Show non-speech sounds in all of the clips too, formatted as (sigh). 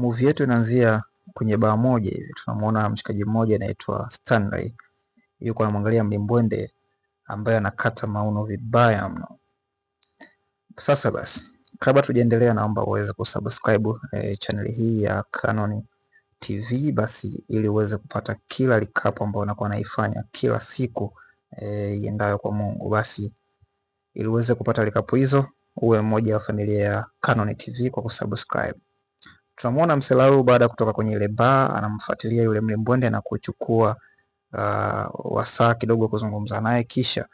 Movie yetu inaanzia kwenye baa moja hivi, tunamuona mshikaji mmoja anaitwa Stanley, yuko anamwangalia mlimbwende ambaye anakata mauno vibaya mno. Sasa basi, kabla tujaendelea, naomba uweze kusubscribe eh, channel hii ya Canon TV basi, ili uweze kupata kila likapo ambayo nakuwa naifanya kila siku eh, iendayo eh, kwa Mungu. Basi ili uweze kupata likapo hizo, uwe mmoja wa familia ya Canon TV kwa kusubscribe. Tunamwona Mselau baada ya kutoka kwenye ile baa anamfuatilia yule mlembwende na kuchukua uh, wasaa kidogo kuzungumza naye, kisha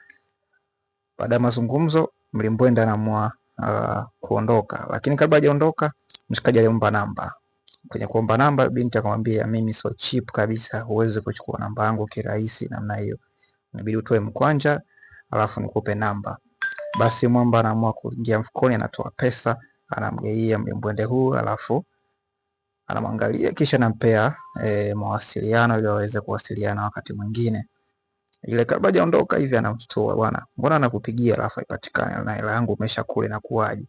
baada ya mazungumzo mlembwende anaamua uh, kuondoka, lakini kabla hajaondoka mshikaji aliomba namba. Kwenye kuomba namba, binti akamwambia, mimi so cheap kabisa, huwezi kuchukua namba yangu kirahisi namna hiyo, inabidi utoe mkwanja alafu nikupe namba. Basi mwamba anaamua kuingia mfukoni, anatoa pesa, anamgeia mlembwende huu alafu anamwangalia kisha nampea e, mawasiliano ili waweze kuwasiliana wakati mwingine. Ile kabla hajaondoka hivi anamtoa bwana, mbona anakupigia alafu haipatikani na hela yangu umeshakula na kuaje?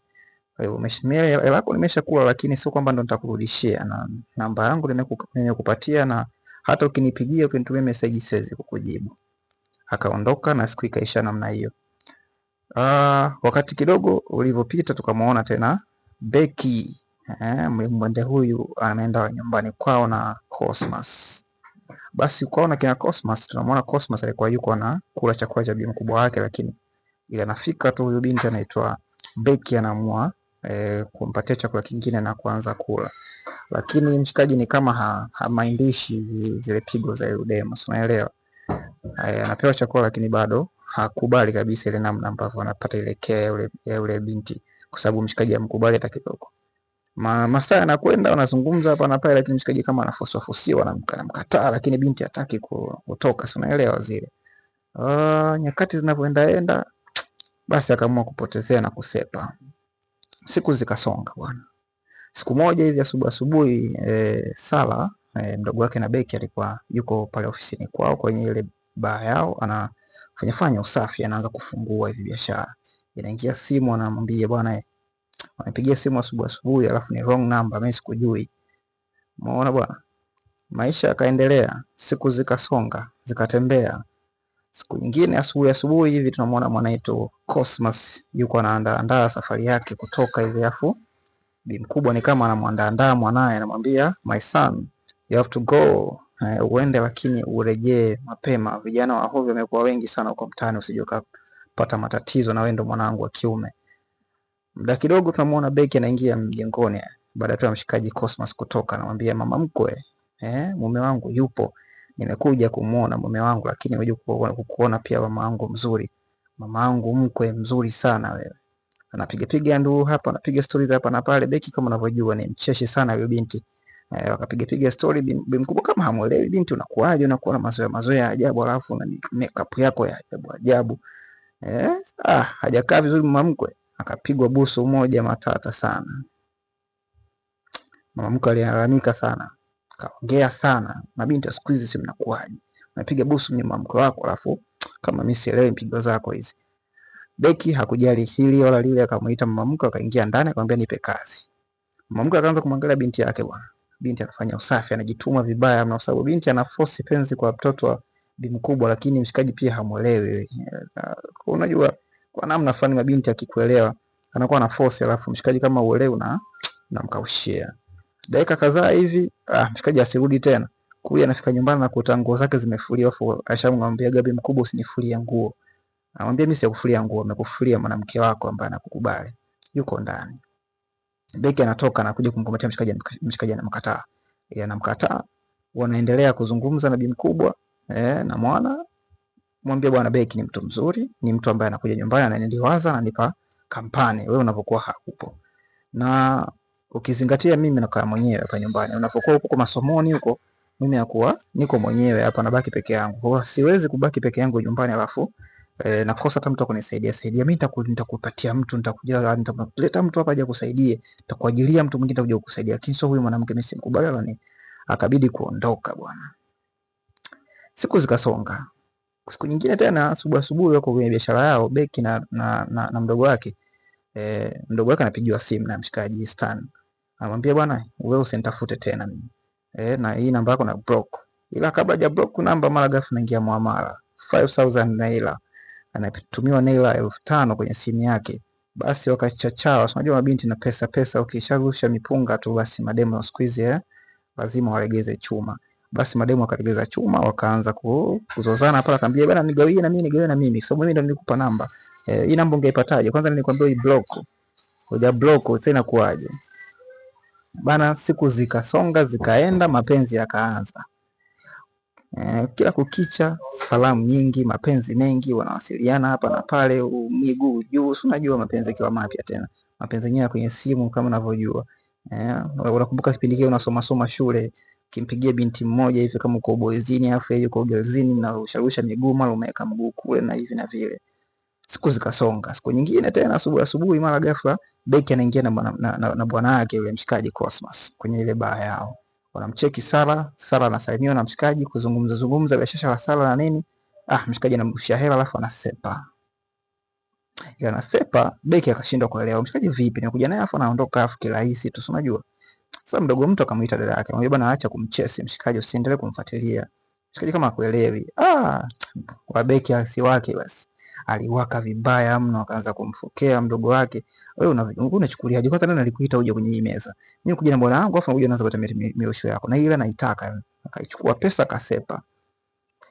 Kwa hivyo mimi hela yako nimesha kula, lakini sio kwamba ndo nitakurudishia, na namba yangu nimekupatia, na hata ukinipigia ukinitumia message siwezi kukujibu. Akaondoka na siku ikaisha namna hiyo. Ah, wakati kidogo ulivyopita tukamwona tena Becky eh, mlimbwende huyu anaenda nyumbani kwao na Cosmas. Basi kwao na kina Cosmas, tunamwona Cosmas alikuwa yuko na kula chakula cha bibi mkubwa wake, lakini ila anafika tu huyu binti anaitwa Becky anaamua eh, kumpatia chakula kingine na kuanza kula, lakini mshikaji ni kama ha, hamaindishi zile pigo za Demos, unaelewa eh, anapewa chakula lakini bado hakubali kabisa ile namna ambavyo anapata ile kea ya ule, ya ule binti, kwa sababu mshikaji amkubali hata kidogo. Ma, masaa yanakwenda wanazungumza hapa na pale, lakini mshikaji kama anafoswa fosiwa anamkataa, lakini binti hataki kutoka, si unaelewa zile. Uh, nyakati zinavyoenda enda basi akaamua kupotezea na kusepa. Siku zikasonga bwana. Siku moja hivi asubuhi asubuhi, e, Sala e, mdogo wake na Beki alikuwa yuko pale ofisini kwao kwenye ile baa yao, anafanyafanya usafi, anaanza kufungua hivi biashara. Inaingia simu, anamwambia bwana e, wanipigia simu asubuhi asubuhi, alafu ni wrong number, mimi sikujui. Umeona bwana, maisha yakaendelea, siku zikasonga zikatembea. Siku nyingine asubuhi asubuhi hivi tunamwona mwanaitwa Cosmas yuko anaandaandaa safari yake kutoka hivi, afu bi mkubwa ni kama anamwandaandaa mwanaye, anamwambia my son you have to go eh, uende lakini urejee mapema. Vijana wa hovyo wamekuwa wengi sana huko mtaani, usijokapata matatizo, na wewe ndo mwanangu wa kiume. Muda kidogo tunamuona beki anaingia mjengoni baada tu ya mshikaji Cosmas kutoka, anamwambia mama mkwe, eh, mume wangu yupo, nimekuja kumuona mume wangu, lakini nimekuja kukuona pia mama wangu mzuri, mama wangu mkwe mzuri sana wewe. Anapiga piga nduru hapa, anapiga stori hapa na pale. Beki kama unavyojua ni mcheshi sana yule binti eh, wakapiga piga stori bi mkubwa, kama hamuelewi binti, unakuaje, unakuwa na mazoea mazoea ya ajabu, alafu na makeup yako ya ajabu ajabu, eh, ah, hajakaa vizuri mama mkwe akapigwa busu moja matata sana. Mama mkwe alilalamika sana, kaongea sana. Mabinti siku hizi si mnakuaje? Unapiga busu ni mama mkwe wako alafu kama mimi sielewi mpigo zako hizi. Beki hakujali hili wala lile, akamuita mama mkwe, akaingia ndani, akamwambia nipe kazi. Mama mkwe akaanza kumwangalia binti yake bwana. Binti anafanya usafi, anajituma vibaya mna, sababu binti ana force penzi kwa mtoto wa bi mkubwa, lakini mshikaji pia hamwelewi. Eh, eh, unajua kwa namna fulani mabinti akikuelewa anakuwa na force, alafu mshikaji kama uelewe na namkaushia. Dakika kadhaa hivi, ah, mshikaji asirudi tena kule, anafika nyumbani na kuta nguo zake zimefuliwa, afu ashamwambia Gabi mkubwa, usinifulie nguo. Anamwambia mimi sikufulia nguo, nimekufulia mwanamke wako ambaye anakukubali, yuko ndani. Beki anatoka na kuja kumkombatia mshikaji, mshikaji anamkataa, anamkataa. Wanaendelea kuzungumza na bibi mkubwa eh, na mwana mwambie bwana, Beki ni mtu mzuri, ni mtu ambaye anakuja nyumbani ananiliwaza, ananipa kampani, wewe unapokuwa hakupo. Na ukizingatia mimi nakaa mwenyewe kwa nyumbani, unapokuwa huko masomoni huko, mimi nakuwa niko mwenyewe hapa, nabaki peke yangu. Kwa siwezi kubaki peke yangu nyumbani alafu e, nakosa hata mtu akunisaidia saidia. Mimi nitakupatia mtu, nitakuja nitakuleta mtu hapa aje kusaidie, nitakuajilia mtu mwingine atakuja kukusaidia, lakini sio huyu mwanamke mimi simkubali. Akabidi kuondoka bwana. Siku zikasonga siku nyingine tena asubuhi asubuhi wako kwenye biashara yao beki na, na, na, na mdogo wake e, mdogo wake anapigiwa simu na mshikaji Stan, anamwambia bwana, wewe usinitafute tena mimi e, na hii namba yako na block, ila kabla ya block namba, mara ghafla naingia muamala 5000 naira, anatumiwa naira elfu tano kwenye simu yake. Basi wakachachawa, unajua mabinti na pesa pesa, ukishagusha mipunga tu, basi mademo siku hizi eh, lazima walegeze chuma basi mademu wakalegeza chuma, wakaanza kuzozana pale, akamwambia bwana, nigawie na mimi, nigawie na mimi, kwa sababu mimi ndo nilikupa namba eh, hii namba ungeipataje? Kwanza nilikwambia hii block, hoja block tena kuaje bana. Siku zikasonga zikaenda, mapenzi yakaanza eh, kila kukicha, salamu nyingi, mapenzi mengi, wanawasiliana hapa na pale, miguu juu, si unajua mapenzi kiwa mapya tena, mapenzi yenyewe kwenye simu kama unavyojua eh, unakumbuka kipindi kile unasoma soma shule Kimpigia binti mmoja hivi kama uko boyzini afu yeye yuko girlzini na usharusha miguu mara umeweka mguu kule na hivi na vile. Siku zikasonga. Siku nyingine tena asubuhi asubuhi mara ghafla Beki anaingia na, na, na, na bwana yake yule mshikaji Cosmas kwenye ile baa yao. Wanamcheki Sara, Sara anasalimiwa na mshikaji kuzungumza zungumza biashara ya Sara na nini? Ah, mshikaji anamrushia hela alafu anasepa. Ila anasepa Beki akashindwa kuelewa mshikaji vipi? Nikuja naye afu anaondoka afu kirahisi tu, unajua. Sasa mdogo mtu akamuita dada yake, anamwambia bwana, acha kumchesi mshikaji, usiendelee kumfuatilia mshikaji kama akuelewi. Ah, kwa beki asi wake basi aliwaka vibaya mno, akaanza kumfokea mdogo wake, wewe unachukuliaje? Kwanza nani alikuita uje kwenye hii meza? Mimi kuja na bwana wangu, afu unakuja unaanza kupata miosho yako, na ile naitaka. Akaichukua pesa kasepa,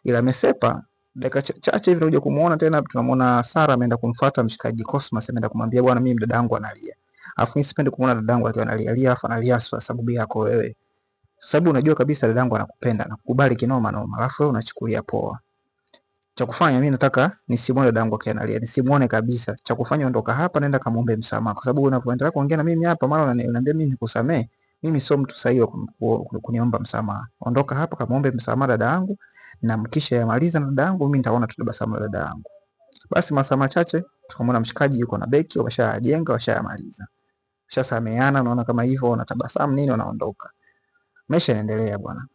ila amesepa dakika chache hivi, tunakuja kumuona tena, tunamuona Sara ameenda kumfuata mshikaji Cosmas, ameenda kumwambia bwana, mimi mdada wangu analia. Alafu mimi sipendi kuona dadangu akiwa analia afa analia kwa sababu yako wewe. Sababu unajua kabisa dadangu anakupenda na kukubali kinoma noma. Alafu wewe unachukulia poa. Cha kufanya mimi nataka nisimwone dadangu akiwa analia, nisimwone kabisa. Cha kufanya ondoka hapa, naenda kamuombe msamaha kwa sababu unapoendelea kuongea na mimi hapa, mara unaniambia mimi nikusamee. Mimi sio mtu sahihi wa kuniomba msamaha. Ondoka hapa, kamuombe msamaha dada yangu, na mkisha yamaliza na dada yangu, mimi nitaona tutabasamu na dada yangu. Basi masaa machache tukamwona mshikaji yuko na beki, washajenga washayamaliza shasameana, unaona kama hivyo, wanatabasamu nini, wanaondoka. Maisha yanaendelea bwana.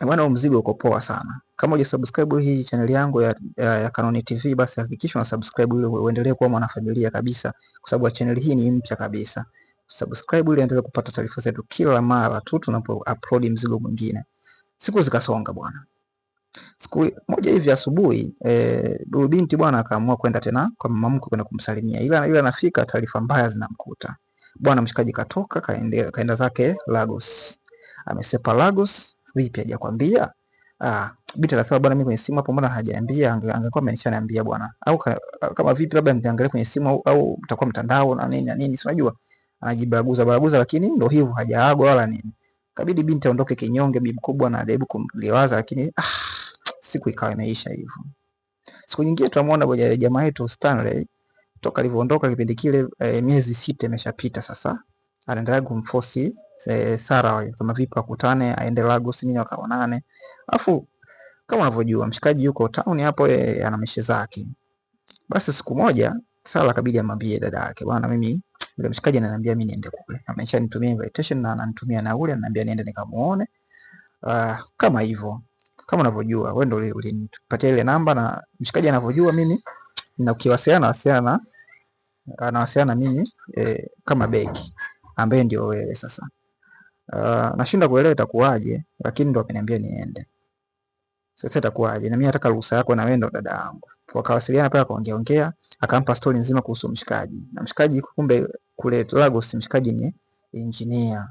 Bwana, huu mzigo uko poa sana. Kama hujasubscribe hii channel yangu ya, ya, ya Kanoni TV basi hakikisha una subscribe ili uendelee kuwa mwanafamilia kabisa, kwa sababu channel hii ni mpya kabisa. Subscribe ili endelee kupata taarifa zetu kila mara tu tunapo upload mzigo mwingine. Siku zikasonga bwana. Siku moja hivi asubuhi eh, binti bwana akaamua kwenda tena kwa mama mkwe kwenda kumsalimia, ila ila anafika, taarifa mbaya zinamkuta. Bwana mshikaji katoka kaende, kaenda zake Lagos. Amesepa Lagos vipi hajakwambia? Ah, binti anasema bwana, mimi kwenye simu hapo mbona hajaambia? Angekuwa amenishaniambia bwana. Au kama vipi, labda mtaangalia kwenye simu au, mtakuwa mtandao na nini na nini, si unajua anajibaraguza baraguza, lakini ndio hivyo, hajaagwa wala nini. Kabidi binti aondoke kinyonge, bibi mkubwa na ajaribu kumliwaza, lakini ah, siku ikawa imeisha hivyo. Siku nyingine tutamwona jamaa yetu Stanley toka alivyoondoka kipindi kile e, miezi sita imeshapita sasa, anaendelea kumforce e, eh, Sara eh, kama vipi wakutane, aende Lagos nini wakaonane. Alafu kama unavyojua mshikaji yuko town hapo, yeye ana mishe zake. Basi siku moja Sara akabidi amwambie dada yake, bwana, mimi yule mshikaji ananiambia mimi niende kule, ameshanitumia invitation na ananitumia nauli, ananiambia niende nikamuone. Uh, kama hivyo kama unavyojua wewe ndio ulinipatia ile namba na mshikaji anavyojua mimi na ukiwasiliana wasiliana anawasiliana na ah, mimi e, kama beki ambaye ndio wewe sasa. Uh, ah, nashinda kuelewa itakuwaje, lakini ndo ameniambia niende. Sasa itakuwaje? Na mimi nataka ruhusa yako, na wewe ndo dada yangu. Wakawasiliana pale, akaongea ongea, akampa stori nzima kuhusu mshikaji, na mshikaji kumbe kule Lagos mshikaji ni engineer,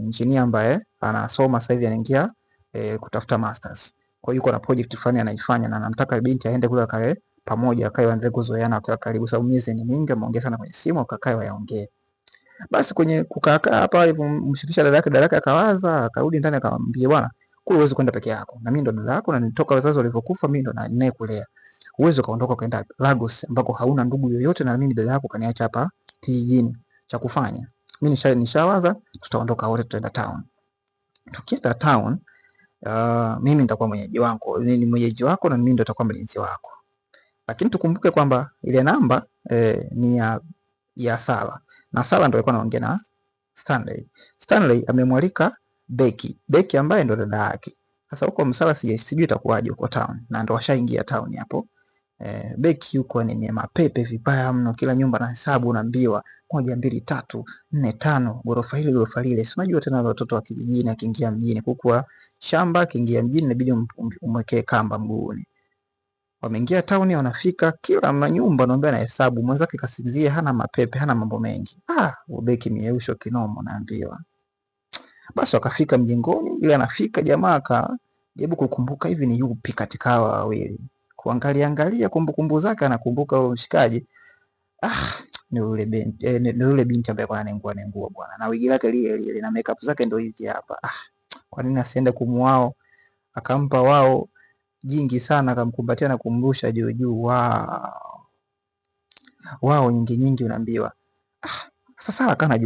engineer ambaye anasoma sasa hivi anaingia e, kutafuta masters. Kwa hiyo yuko na project fulani anaifanya, na anamtaka binti aende kule akae pamoja, wakae waendelee kuzoeana, wakiwa karibu, sababu miezi ni mingi, ameongea sana kwenye simu, wakakae wayaongee. Basi kwenye kukaa hapa alivyomshirikisha dada yake, dada yake akawaza, akarudi ndani akamwambia, bwana, kule uweze kwenda peke yako, na mimi ndo dada yako, na nitoka wazazi walivyokufa, mimi ndo kulea, Uweze ukaondoka ukaenda Lagos ambako hauna ndugu yoyote, na mimi dada yako kaniacha hapa kijijini. Cha kufanya mimi nishawaza, tutaondoka wote, tutaenda town. Tukienda town, uh, mimi nitakuwa mwenyeji wako, ni mwenyeji wako, na mimi ndo nitakuwa mlinzi wako. Lakini tukumbuke kwamba ile namba e, ni ya, ya Sala na Sala ndio alikuwa anaongea na Stanley. Stanley amemwalika Beki, Beki ambaye ndo dada yake. Sasa huko Msala sijui itakuwaje huko town, na ndo washaingia town hapo. E, Beki huko nenye mapepe vibaya mno, kila nyumba na hesabu unaambiwa moja mbili tatu nne tano, gorofa hili gorofa lile. Si unajua tena watoto wa kijijini, akiingia mjini, kukuwa shamba, akiingia mjini inabidi um, um, umwekee kamba mguuni. Wameingia tauni, wanafika kila manyumba naambia anahesabu, mwenzake kasinzie, hana mapepe, hana mambo mengi. Ah, ubeki mieusho kinomo, naambiwa. Basi wakafika mjengoni, ile anafika jamaa ka akajaribu kukumbuka hivi ni yupi katika hawa wawili, kuangalia angalia kumbukumbu zake, anakumbuka huyo mshikaji. Ah, ni yule binti eh, ni yule binti ambaye kwa anengua nengua bwana, na wigi lake lile lile na makeup zake ndio hizi hapa. Ah, kwa nini asiende kumwao akampa wao jingi sana, akamkumbatia na kumrusha juu juu. Wao Wow, nyingi nyingi, unaambiwa ah. Sasa Sara kana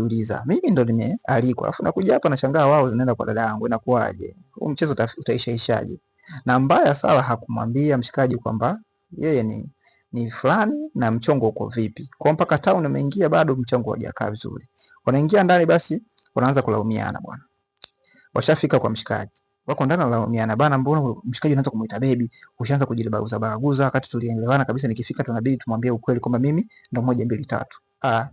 mimi ndo nimealikwa alafu nakuja hapa nashangaa wao zinaenda kwa dada yangu, inakuwaje? Huu mchezo utaishaishaje? Na mbaya Sara hakumwambia mshikaji kwamba yeye ni ni fulani na mchongo uko vipi, kwa mpaka town ameingia bado mchongo haujakaa vizuri. Wanaingia ndani, basi wanaanza kulaumiana bwana, washafika kwa mshikaji wako ndani wanalaumiana bana, mbona mshikaji anaanza kumuita baby, ushaanza kujibaguza baguza, wakati tulielewana kabisa. Nikifika tunabidi tumwambie ukweli kwamba mimi ndo moja mbili tatu. Ah,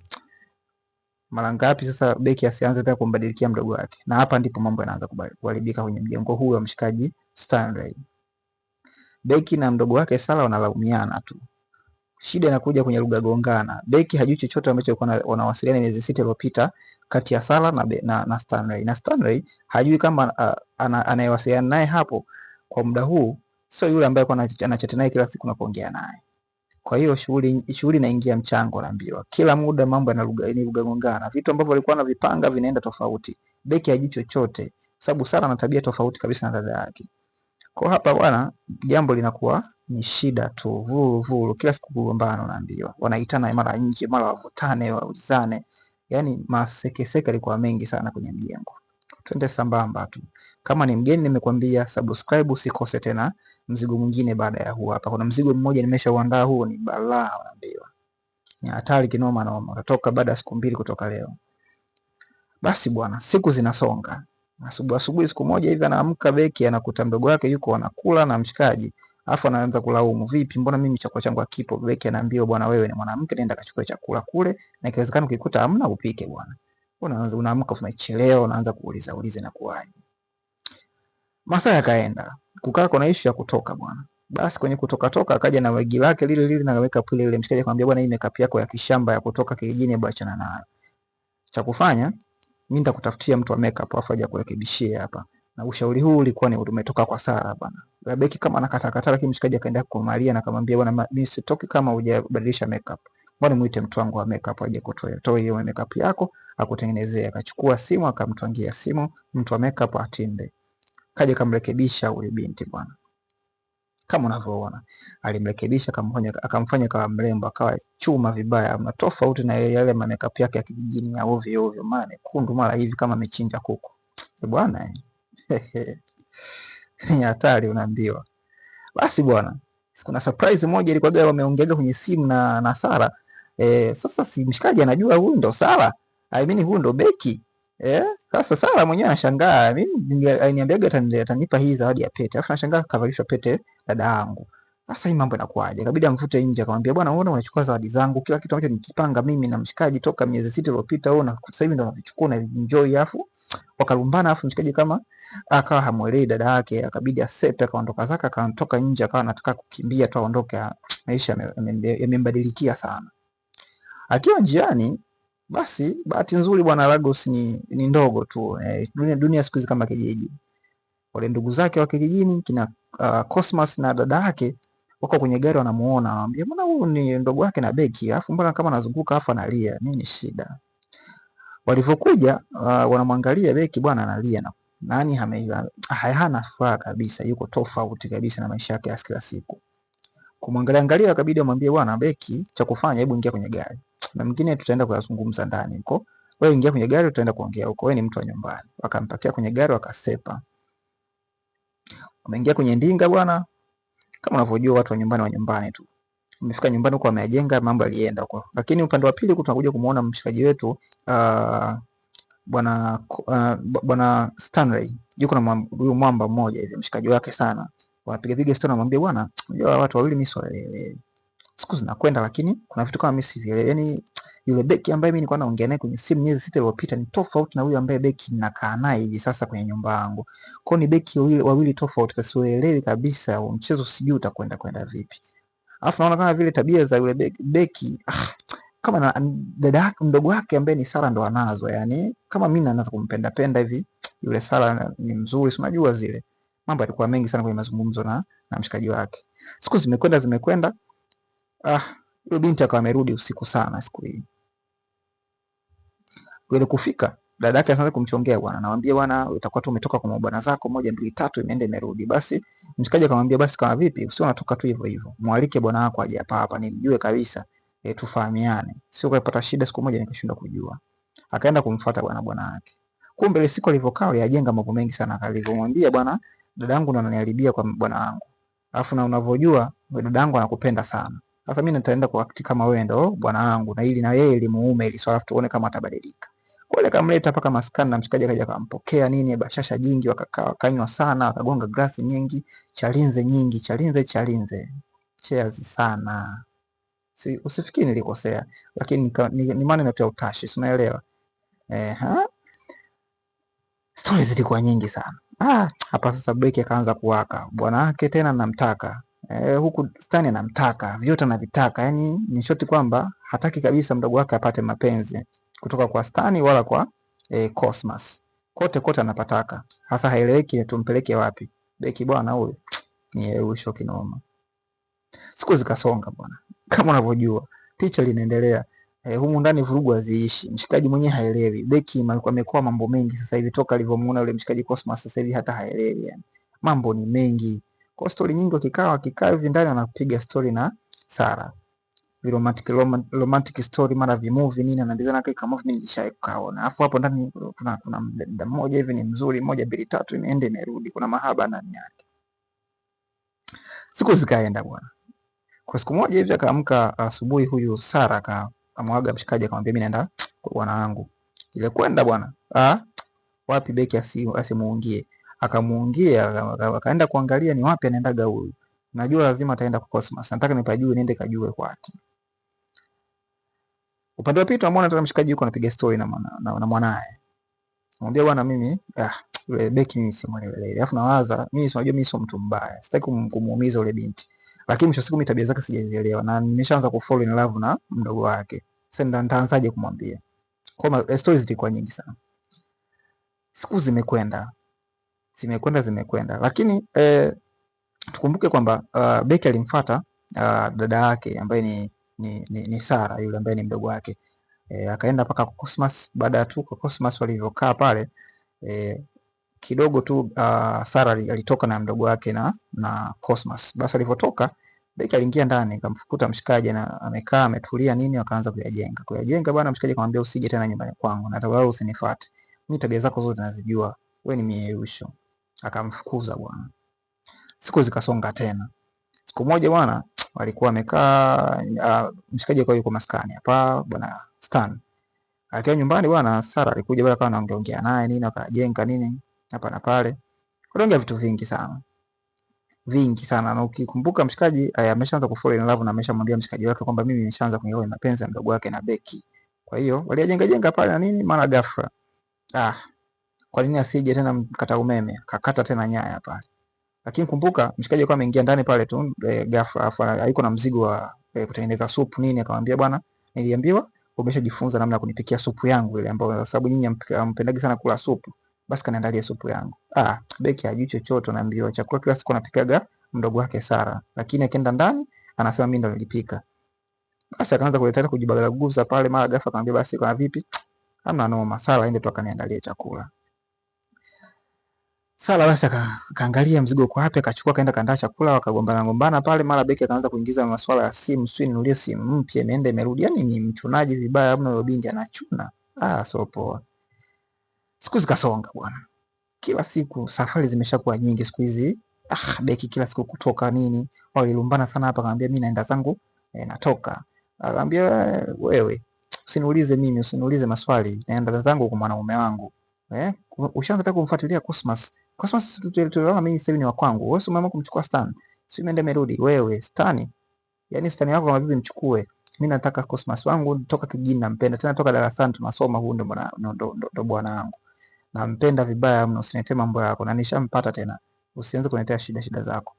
mara ngapi sasa beki asianze tena kumbadilikia mdogo wake? Na hapa ndipo mambo yanaanza kuharibika kwenye mjengo huu wa mshikaji Stanley. Beki na mdogo wake Sala wanalaumiana tu shida inakuja kwenye lugha gongana. Beki hajui chochote ambacho alikuwa wanawasiliana miezi sita iliyopita kati ya Sala na, na, na Stanley na Stanley hajui kama uh, anayewasiliana naye hapo kwa muda huu sio yule ambaye anachati naye kila siku na kuongea naye. Kwa hiyo shughuli shughuli inaingia mchango, naambiwa kila muda mambo yanarudi lugha gongana, vitu ambavyo alikuwa anavipanga vinaenda tofauti. Beki hajui chochote, sababu Sala ana tabia tofauti kabisa na dada yake. Kwa hapa bwana, jambo linakuwa ni shida tu, vuru vuru, kila siku kugombana, unaambiwa wanaitana mara nje, mara wavutane, wauzane, yani masekeseke alikuwa mengi sana kwenye mjengo. Twende sambamba tu. Kama ni mgeni, nimekwambia subscribe, usikose tena mzigo mwingine baada ya huu hapa. Kuna mzigo mmoja nimeshauandaa, huo ni balaa, unaambiwa ni hatari kinoma noma, utatoka baada ya siku mbili kutoka leo. Basi bwana, siku zinasonga asubuhi asubuhi, siku moja hivi anaamka beki anakuta mdogo wake yuko anakula na mshikaji, afu anaanza kulaumu, vipi, mbona mimi chakula changu hakipo? Beki anaambia, bwana, wewe ni mwanamke, nenda kachukue chakula kule, na ikiwezekana ukikuta hamna upike bwana. Unaanza unaamka umechelewa, unaanza kuuliza ulize na kuaje. Masaa yakaenda, kukaa kuna issue ya kutoka bwana. Basi kwenye kutoka toka akaja na wigi lake lile lile na weka pile ile, mshikaji akamwambia, bwana, hii makeup yako ya kishamba ya kutoka kijijini, bwana bachana nayo. Cha kufanya mimi nitakutafutia mtu wa makeup afu aje akurekebishie hapa. Na ushauri huu ulikuwa ni umetoka kwa Sara bwana. Rebeki kama anakataa kataa, lakini mshikaji akaenda kwa Maria na kumwambia bwana, mimi sitoki kama hujabadilisha makeup. Mbona muite mtu wangu wa makeup aje kutoa toa hiyo makeup yako akutengenezea. Akachukua simu akamtwangia simu mtu wa makeup atinde. Kaja kamrekebisha huyo binti bwana kama unavyoona, alimrekebisha akamfanya akamfanya kama mrembo, akawa chuma vibaya, na tofauti na yale makeup yake ya kijijini ya ovyo ovyo, mara mekundu mara hivi kama amechinja kuku. E bwana, eh. (laughs) ni hatari unaambiwa. Basi bwana, kuna surprise moja ilikuwa gari wameongeaga kwenye simu na, na Sara e, sasa si mshikaji anajua huyu ndo Sara, I mean huyu ndo Beki Eh, sasa Sara mwenyewe anashangaa, mimi aliniambiaga atanipa hii zawadi ya pete, afu anashangaa kavalishwa pete dada yangu. Sasa hii mambo inakuaje? Kabidi amfute nje, akamwambia bwana, unaona unachukua zawadi zangu, kila kitu ambacho nikipanga mimi na mshikaji toka miezi sita iliyopita, wewe na sasa hivi ndo unavichukua na enjoy. Afu wakalumbana, afu mshikaji kama akawa hamuelewi dada yake, akabidi accept, akaondoka zaka, akaondoka nje, akawa anataka kukimbia tu aondoke, ah, maisha yamembadilikia sana. Akiwa njiani basi bahati nzuri bwana Lagos ni, ni ndogo tu eh, dunia, dunia siku hizi kama kijiji. Wale ndugu zake wa kijijini kina uh, Cosmas na dada yake wako kwenye gari wanamuona, anamwambia mbona huyu ni ndugu yake na Beki, alafu mbona kama anazunguka afa analia, nini shida? Walivyokuja uh, wanamwangalia Beki, bwana analia na nani hame, hayana furaha kabisa, yuko tofauti kabisa na maisha yake ya kila siku. Kumwangalia angalia, akabidi amwambie bwana Beki, cha kufanya hebu ingia kwenye gari na mwingine tutaenda kuzungumza ndani huko, wewe ingia kwenye gari, tutaenda kuongea huko, wewe ni mtu wa nyumbani. Wakampakia kwenye gari wakasepa. Wameingia kwenye ndinga bwana, kama unavyojua watu wa nyumbani wa nyumbani tu. Wamefika nyumbani huko amejenga mambo yalienda huko. Lakini upande wa pili huko tunakuja kumuona mshikaji wetu uh, bwana uh, bwana Stanley yuko na huyu mwamba mmoja hivi mshikaji wake sana. Wanapiga piga story, anamwambia bwana, unajua watu wawili mimi siwaelewi. Siku zinakwenda lakini kuna vitu kama mimi sivielewi. Yaani yule beki ambaye mimi nilikuwa naongea naye kwenye simu miezi sita iliyopita ni tofauti na huyu ambaye beki nakaa naye hivi sasa kwenye nyumba yangu. Kwao ni beki wawili tofauti, kasielewi kabisa mchezo, sijui utakwenda kwenda vipi. Alafu naona kama vile tabia za yule beki, beki ah, kama na, dada yake mdogo wake ambaye ni Sara ndo anazo, yani kama mimi naanza kumpenda penda hivi. Yule Sara ni mzuri, si unajua zile mambo yalikuwa mengi sana kwenye mazungumzo na, na mshikaji wake. Siku zimekwenda zimekwenda, ah, yule binti akawa amerudi usiku sana siku hii. Ile kufika dada yake anaanza kumchongea bwana, anamwambia bwana, utakuwa tu umetoka kwa mabwana zako moja mbili tatu, imeenda imerudi. Basi mshikaji akamwambia, basi kama vipi, sio unatoka tu hivyo hivyo, mwalike bwana wako aje hapa hapa, nimjue kabisa e, tufahamiane, sio kupata shida siku moja nikashindwa kujua. Akaenda kumfuata bwana bwana wake, kumbe ile siku alivyokaa aliyajenga mambo mengi sana. Alivyomwambia bwana, dadangu ndo ananiharibia kwa bwana wangu, alafu na unavyojua dadangu anakupenda sana sasa mimi nitaenda kwa kama wewe ndo bwana wangu, na ili na yeye limuume ili swala tuone kama atabadilika kule kamleta paka maskani na mshikaji akaja akampokea nini, bashasha jingi, wakakaa wakanywa sana, wakagonga glasi nyingi, chalinze nyingi, chalinze chalinze, cheers sana. Si usifikiri nilikosea, lakini ni, ni, maana maneno utashi, unaelewa eh. stories zilikuwa nyingi sana. Ah, hapa sasa beki akaanza kuwaka, bwana wake tena namtaka Eh, huku Stani anamtaka vyote anavitaka, yani ni shoti kwamba hataki kabisa mdogo wake apate mapenzi kutoka kwa stani wala kwa e, Cosmas. Kote kote anapataka. Hasa haeleweki tumpeleke wapi. Beki bwana huyo. (tsk) Ni Eusho kinoma. Siku zikasonga bwana. (laughs) Kama unavyojua, picha linaendelea. E, humu ndani vurugu haziishi. Mshikaji mwenyewe haelewi. Beki amekuwa mambo mengi sasa hivi toka alivyomuona yule mshikaji Cosmas sasa hivi hata haelewi yani. Mambo ni mengi. Kwa stori nyingi wakikaa wakikaa hivi ndani anapiga stori na Sara romantic romantic story mara vi movie nini, anaambizana kile kama mimi nilishaikaona. afu hapo ndani kuna kuna mdada mmoja hivi ni mzuri, moja mbili tatu, imeenda imerudi, kuna mahaba ndani yake. Siku zikaenda bwana. Kwa siku moja hivi akaamka asubuhi, huyu Sara akamwaga mshikaji, akamwambia mimi naenda kwa bwana wangu. Ile kwenda bwana, ah, wapi beki asimuungie, akamuungia, akaenda kuangalia ni wapi anaendaga huyu. Najua lazima ataenda kwa Cosmas, nataka nipajue, niende kajue kwake. Upande wa pili tunamwona tena mshikaji yuko anapiga story na na na mwanae. Anamwambia bwana, mimi ah, yule beki mimi simuelewi. Alafu nawaza mimi si unajua mimi sio mtu mbaya. Sitaki kumuumiza yule binti. Lakini mwisho siku mimi tabia zake sijaelewa na nimeshaanza ku kufall in love na mdogo wake. Sasa nitaanzaje kumwambia? Kwa eh, stories zilikuwa nyingi sana. Siku zimekwenda. Zimekwenda zimekwenda. Lakini eh, tukumbuke kwamba uh, Beki alimfuata uh, dada yake ambaye ni ni, ni, ni Sara yule ambaye ni mdogo wake e, akaenda mpaka kwa Cosmas. Baada ya tu kwa Cosmas walivyokaa pale e, kidogo tu uh, Sara alitoka na mdogo wake na na Cosmas. Basi alivyotoka Beki aliingia ndani akamfukuta mshikaji na amekaa ametulia nini, akaanza kuyajenga kuyajenga. Bwana mshikaji akamwambia, usije tena nyumbani kwangu na tabia usinifuate mimi, tabia zako zote nazijua, wewe ni mieusho. Akamfukuza bwana. Siku zikasonga tena Siku moja bwana walikuwa wamekaa uh, ah, mshikaji akawa yuko maskani hapa bwana Stan. Akiwa nyumbani bwana Sara alikuja bwana kama anaongeongea naye nini akajenga nini hapa na pale. Waliongea vitu vingi sana. Vingi sana na ukikumbuka mshikaji eh, ameshaanza ku fall in love na ameshamwambia mshikaji wake kwamba mimi nimeshaanza kunyoa mapenzi ya mdogo wake na Becky. Kwa hiyo walijenga jenga pale na nini mara ghafla. Ah, kwa nini asije tena mkata umeme? Kakata tena nyaya pale. Lakini kumbuka mshikaji alikuwa ameingia ndani pale tu e, ghafla afu hayuko na mzigo wa e, kutengeneza supu nini, akamwambia bwana, niliambiwa umeshajifunza namna ya kunipikia supu yangu ile ambayo kwa sababu nyinyi mpendagi sana kula supu, basi kaniandalie supu yangu. Ah, Beki hajui chochote, anaambiwa chakula kila siku anapikaga mdogo wake Sara, lakini akienda ndani anasema mimi ndo nilipika. Basi akaanza kuleta kujibagalaguza pale, mara ghafla akamwambia basi, kwa vipi, hamna noma, Sara aende tu akaniandalie chakula. Sala basi akaangalia mzigo uko wapi, akachukua kaenda kandaa chakula, wakagombana gombana pale, mara beki akaanza kuingiza masuala ya simu, sijui ninunulie simu mpya, imeenda imerudi. Yani ni mchunaji vibaya, amna huyo binti anachuna. Ah, so poa. Siku zikasonga bwana, kila siku safari zimeshakuwa nyingi siku hizi. Ah, beki kila siku kutoka nini, walilumbana sana hapa, akamwambia mimi naenda zangu eh, natoka. Akamwambia wewe usiniulize mimi, usiniulize maswali, naenda zangu kwa mwanaume wangu. Eh, ushaanza kumfuatilia Cosmas Cosmas tulitazama mimi sasa ni wa kwangu. Wewe umeamua kumchukua Stan. wewe Stan. Yaani Stan wako kama mchukue. Mimi nataka wangu toka nampenda. Tena toka darasani tunasoma ndo bwana ndo bwana wangu. Nampenda vibaya mno, usinitee mambo yako. Na nishampata tena. Usianze kuniletea shida shida zako.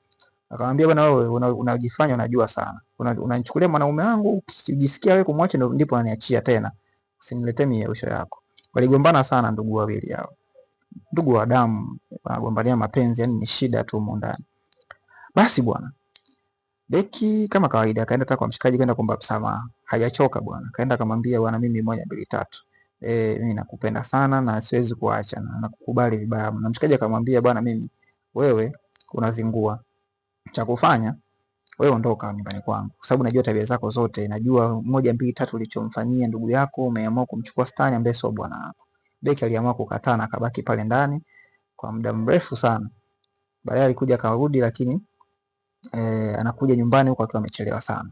Akamwambia bwana, wewe unajifanya una unajua sana. Unanichukulia una mwanaume wangu, ukijisikia wewe kumwacha ndo ndipo tena. Usiniletee mieusho yako. Waligombana sana ndugu wawili hao. Ndugu wa damu wanagombania mapenzi, yani ni shida tu humo ndani. Basi bwana Beki kama kawaida kaenda tena kwa mshikaji, kaenda kumba msamaha, hajachoka bwana, kaenda kamwambia, bwana, mimi moja mbili tatu, eh, mimi nakupenda sana na siwezi kuacha na nakukubali vibaya. Na mshikaji akamwambia, bwana, mimi wewe unazingua, cha kufanya wewe ondoka nyumbani kwangu, kwa sababu najua tabia zako zote, najua moja mbili tatu ulichomfanyia ndugu yako, umeamua kumchukua Stani ambaye sio bwana wako. Beki aliamua kukataa na akabaki pale ndani kwa muda mrefu sana. Baadaye alikuja akarudi, lakini e, anakuja nyumbani huko akiwa amechelewa sana.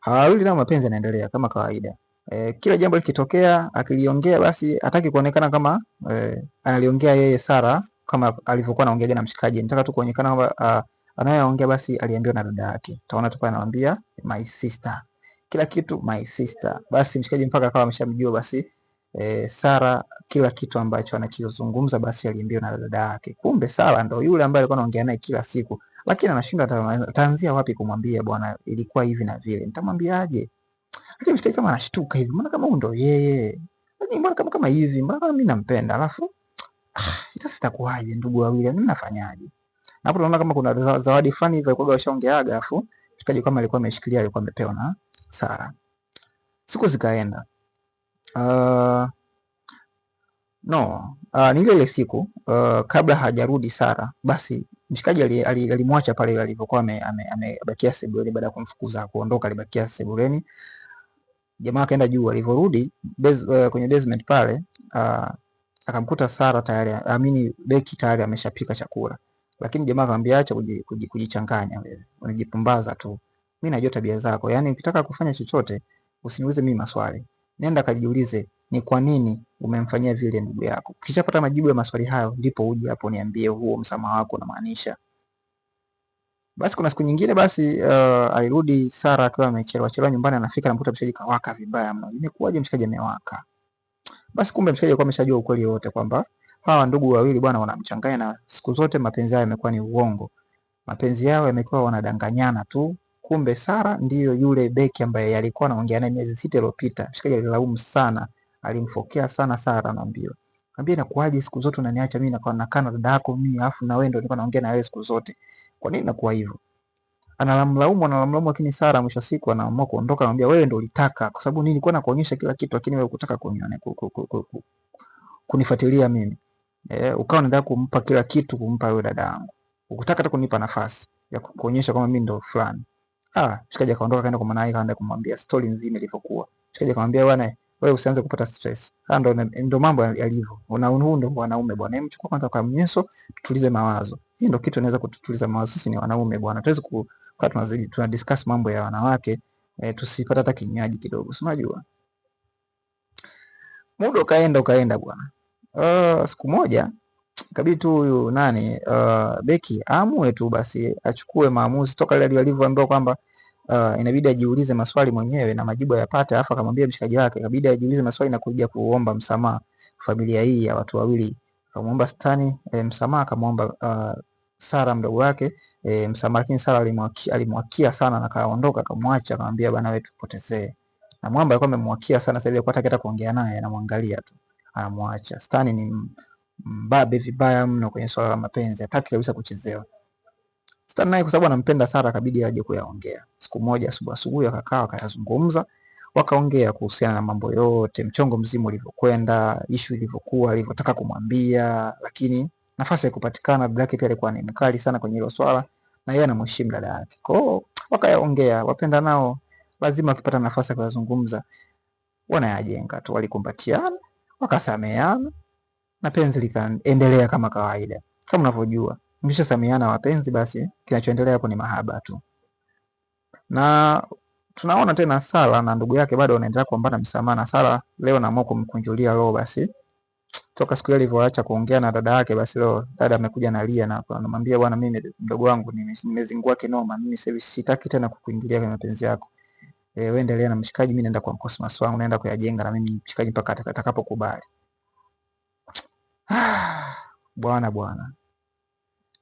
Hawarudi nao, mapenzi yanaendelea kama kawaida. E, kila jambo likitokea akiliongea, basi hataki kuonekana kama e, analiongea yeye Sara kama alivyokuwa anaongea na mshikaji. Nataka tu kuonekana kwamba ah, anayeongea basi aliambiwa na dada yake. Taona tu pale anamwambia my sister, kila kitu my sister. Basi mshikaji mpaka akawa ameshamjua basi e, Sara kila kitu ambacho anakizungumza basi aliambiwa na dada yake. Kumbe Sara ndo yule ambaye alikuwa anaongea naye kila siku, lakini anashindwa ataanzia wapi kumwambia, bwana, ilikuwa hivi na vile, nitamwambiaje? Lakini mshikaji kama anashtuka hivi, mbona kama huyu ndo yeye, lakini mbona kama kama hivi, mbona kama mimi nampenda, alafu ah, ita sitakuwaje, ndugu wawili, mimi yaani nafanyaje? Hapo tunaona kama kuna zawadi fulani hivi alikuwa washaongeaga, alafu mshikaji kama alikuwa ameshikilia, alikuwa amepewa na Sara. Siku zikaenda Uh, no uh, ni ile ile siku uh, kabla hajarudi Sara, basi mshikaji alimwacha pale alivyokuwa amebakia sebuleni. Baada ya kumfukuza kuondoka, alibakia sebuleni. Jamaa akaenda juu, alivyorudi bez, uh, kwenye basement pale uh, akamkuta Sara tayari, amini Beki tayari ameshapika chakula, lakini jamaa akamwambia acha kujichanganya, wewe unajipumbaza tu, mimi najua tabia zako, yani ukitaka kufanya chochote usiniulize mimi maswali Nenda kajiulize ni kwa nini umemfanyia vile ndugu yako. Ukishapata majibu ya maswali hayo, ndipo uje hapo niambie huo msamaha wako unamaanisha. Basi kuna siku nyingine basi, uh, alirudi Sara akiwa amechelewa chelewa nyumbani, anafika anamkuta mshikaji kawaka vibaya mno. Imekuwaje mshikaji amewaka? Basi kumbe mshikaji alikuwa ameshajua ukweli wote kwamba hawa ndugu wawili bwana wanamchanganya, na siku zote mapenzi yao yamekuwa ni uongo, mapenzi yao yamekuwa wanadanganyana tu kumbe Sara ndiyo yule beki ambaye alikuwa anaongea naye miezi sita iliyopita. Mshikaji alilaumu sana, alimfokea sana Sara, anaambiwa Kaambia inakuwaje siku zote unaniacha mimi nakaa na kana dada yako mimi alafu na wewe ndio nilikuwa naongea na wewe siku zote. Kwa nini inakuwa hivyo? Analamlaumu analamlaumu lakini Sara mwisho wa siku anaamua kuondoka anamwambia wewe ndio ulitaka kwa sababu nini nilikuwa nakuonyesha kila kitu lakini wewe ukutaka kuniona kunifuatilia mimi. Eh, ukawa unataka kumpa kila kitu kumpa wewe dada yangu. Ukutaka hata kunipa nafasi ya kuonyesha kwamba mimi ndo fulani. Ah, shikaji akaondoka kaenda kwa mwanae kaenda kumwambia story nzima ilivyokuwa. Shikaji akamwambia bwana, wewe usianze kupata stress. Ha, ah, ndo ndo mambo yalivyo. Una huu ndo wanaume bwana. chukua kwanza kwa mnyeso, tutulize mawazo. Hii ndo kitu inaweza kututuliza mawazo. Sisi ni wanaume bwana. Tuweze kukaa tunazidi tuna discuss mambo ya wanawake, eh, tusipata hata kinywaji kidogo. Si unajua? Muda ukaenda ukaenda bwana. Uh, siku moja ikabidi tu huyu nani uh, beki amue tu basi, achukue maamuzi toka ile alivyoambiwa kwamba uh, inabidi ajiulize maswali mwenyewe na majibu ayapate, afa akamwambia mshikaji wake inabidi ajiulize maswali na kuja kuomba msamaha familia hii ya watu wawili, akamwomba Stani e, msamaha, akamwomba uh, Sara mdogo wake e, msamaha, lakini Sara alimwakia, alimwakia sana na kaondoka, akamwacha, akamwambia bana wewe tupotezee. Na Mwamba alikuwa amemwakia sana, sasa hivi hata kuongea naye, anamwangalia tu, anamwacha. Stani ni mbabe vibaya mno kwenye swala la mapenzi, hataki kabisa kuchezewa. Sasa naye kwa sababu anampenda Sara akabidi aje kuyaongea. Siku moja asubuhi asubuhi wakakaa wakayazungumza, wakaongea kuhusiana na mambo yote, mchongo mzima ulivyokwenda, ishu ilivyokuwa, alivyotaka kumwambia, lakini nafasi ya kupatikana. Dada pia alikuwa ni mkali sana kwenye hilo swala, na yeye anamheshimu dada yake. Kwa hiyo wakayaongea, wapenda nao lazima akipata nafasi ya kuyazungumza wanayajenga tu, walikumbatiana wakasameheana na penzi likaendelea kama kawaida. Kama unavyojua mkishasamiana wapenzi, basi kinachoendelea hapo ni mahaba tu, na tunaona tena Sara na ndugu yake bado wanaendelea kuombana msamaha, na Sara leo naamua kumkunjulia roho basi toka siku ile alivyoacha kuongea na dada yake, basi leo dada amekuja na Lia na anamwambia bwana, mimi mdogo wangu nimezingua kinoma, mimi sasa sitaki tena kukuingilia kwenye mapenzi yako. E, eh, wewe endelea na mshikaji, mimi naenda kwa Cosmas wangu, naenda kuyajenga na mimi mshikaji mpaka atakapokubali. (sighs) bwana bwana,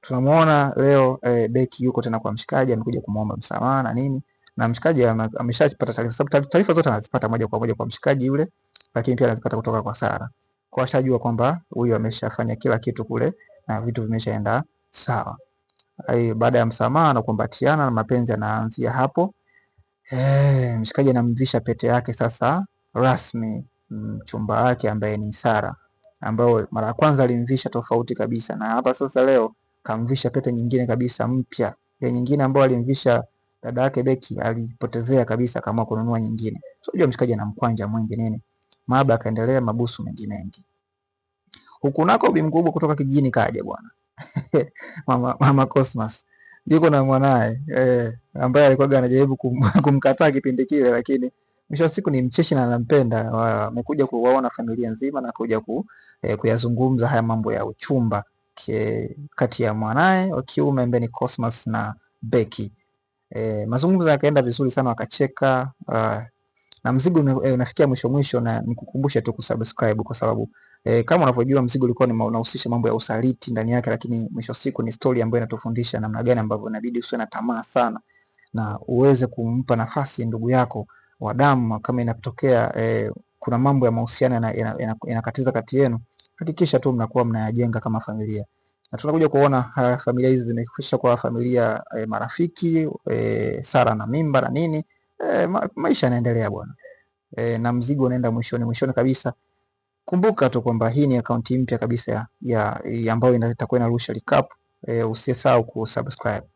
tunamwona leo eh, beki yuko tena kwa mshikaji, amekuja kumwomba msamaha na nini, na mshikaji ameshapata taarifa, sababu taarifa zote anazipata moja kwa moja kwa mshikaji yule, lakini pia anazipata kutoka kwa Sara, kwa ashajua kwamba huyu ameshafanya kila kitu kule na vitu vimeshaenda sawa. Baada ya msamaha na kukumbatiana na mapenzi yanaanzia hapo. Eh, mshikaji anamvisha pete yake sasa rasmi mchumba mm, wake ambaye ni Sara ambayo mara ya kwanza alimvisha tofauti kabisa, na hapa sasa leo kamvisha pete nyingine kabisa mpya. Ile nyingine ambayo alimvisha dada yake Beki alipotezea kabisa, kama kununua nyingine. Unajua so, mshikaji ana mkwanja mwingi nini. Maba akaendelea mabusu mengi mengi. Huku nako bi mkubwa kutoka kijijini kaja bwana (laughs) mama, mama Cosmas yuko na mwanaye eh, ambaye alikuwa anajaribu kum, kumkataa kipindi kile lakini mwisho wa siku ni mcheshi na anampenda, amekuja kuwaona familia nzima na kuja ku, eh, kuyazungumza haya mambo ya uchumba ke, kati ya mwanaye wa kiume ambaye ni Cosmas na Becky. Eh, mazungumzo yakaenda vizuri sana wakacheka, uh, na mzigo eh, unafikia mwisho mwisho, na nikukumbusha tu kusubscribe kwa sababu eh, kama unavyojua mzigo ulikuwa ni unahusisha mambo ya usaliti ndani yake, lakini mwisho siku ni story ambayo inatufundisha namna gani ambavyo inabidi usiwe na tamaa sana na uweze kumpa nafasi ndugu yako wa damu kama inatokea eh, kuna mambo ya mahusiano yanakatiza kati yenu, hakikisha tu mnakuwa mnayajenga kama familia, na tunakuja kuona haya familia hizi zimekwisha kwa familia eh, marafiki eh, Sara na mimba na nini eh, ma maisha yanaendelea bwana eh, na mzigo unaenda mwishoni mwishoni kabisa. Kumbuka tu kwamba hii ni akaunti mpya kabisa ya, ya, ya ambayo itakuwa inarusha recap. Eh, usisahau kusubscribe.